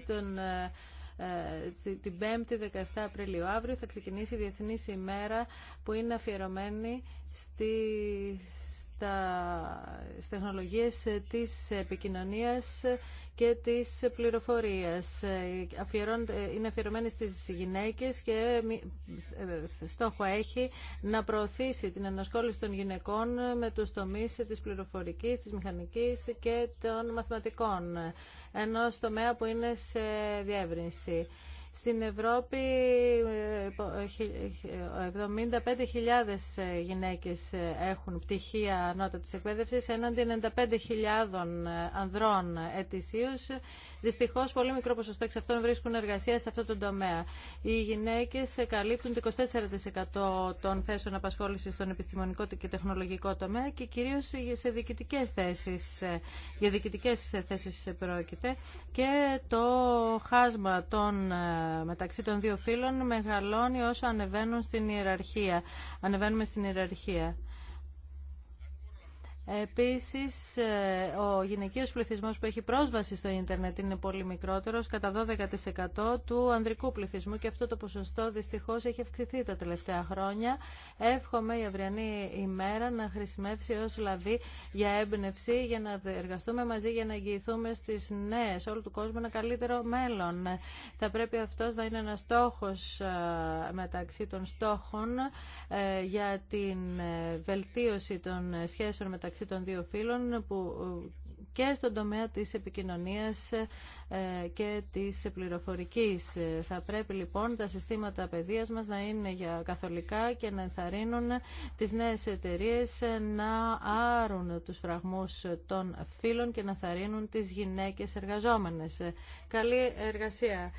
τον, ε, ε, την 5η 17 Απριλίου. Αύριο θα ξεκινήσει η Διεθνής ξεκινησει η διεθνη ημερα που είναι αφιερωμένη στις τα τεχνολογίες της επικοινωνίας και της πληροφορίας. Είναι αφιερωμένη στις γυναίκες και ε, στόχο έχει να προωθήσει την ενασχόληση των γυναικών με τους τομείς της πληροφορικής, της μηχανικής και των μαθηματικών, ενώ τομέα που είναι σε διεύρυνση. Στην Ευρώπη 75.000 ε, ε, ε, γυναίκες έχουν πτυχία ανώτατης εκπαίδευσης έναντι 95.000 ανδρών ετησίως. Δυστυχώς πολύ μικρό ποσοστό εξ αυτών βρίσκουν εργασία σε αυτό το τομέα. Οι γυναίκες καλύπτουν το 24% των θέσεων απασχόλησης στον επιστημονικό και τεχνολογικό τομέα και κυρίως σε διοικητικές θέσεις, για διοικητικές θέσεις πρόκειται και το χάσμα των μεταξύ των δύο φύλων μεγαλώνει όσο ανεβαίνουν στην ιεραρχία. Ανεβαίνουμε στην ιεραρχία. Επίσης, ε, ο γυναικείος πληθυσμός που έχει πρόσβαση στο ίντερνετ είναι πολύ μικρότερος, κατά 12% του ανδρικού πληθυσμού και αυτό το ποσοστό δυστυχώς έχει αυξηθεί τα τελευταία χρόνια. Εύχομαι η αυριανή ημέρα να χρησιμεύσει ως λαβή για έμπνευση, για να εργαστούμε μαζί, για να εγγυηθούμε στις νέες όλου του κόσμου ένα καλύτερο μέλλον. Θα πρέπει αυτός να είναι ένας στόχος ε, μεταξύ των στόχων ε, για την βελτίωση των σχέσεων μεταξύ μεταξύ των δύο φίλων που και στον τομέα της επικοινωνίας ε, και της πληροφορικής. Θα πρέπει λοιπόν τα συστήματα παιδείας μας να είναι για καθολικά και να ενθαρρύνουν τις νέες εταιρείε να άρουν τους φραγμούς των φίλων και να θαρρύνουν τις γυναίκες εργαζόμενες. Καλή εργασία.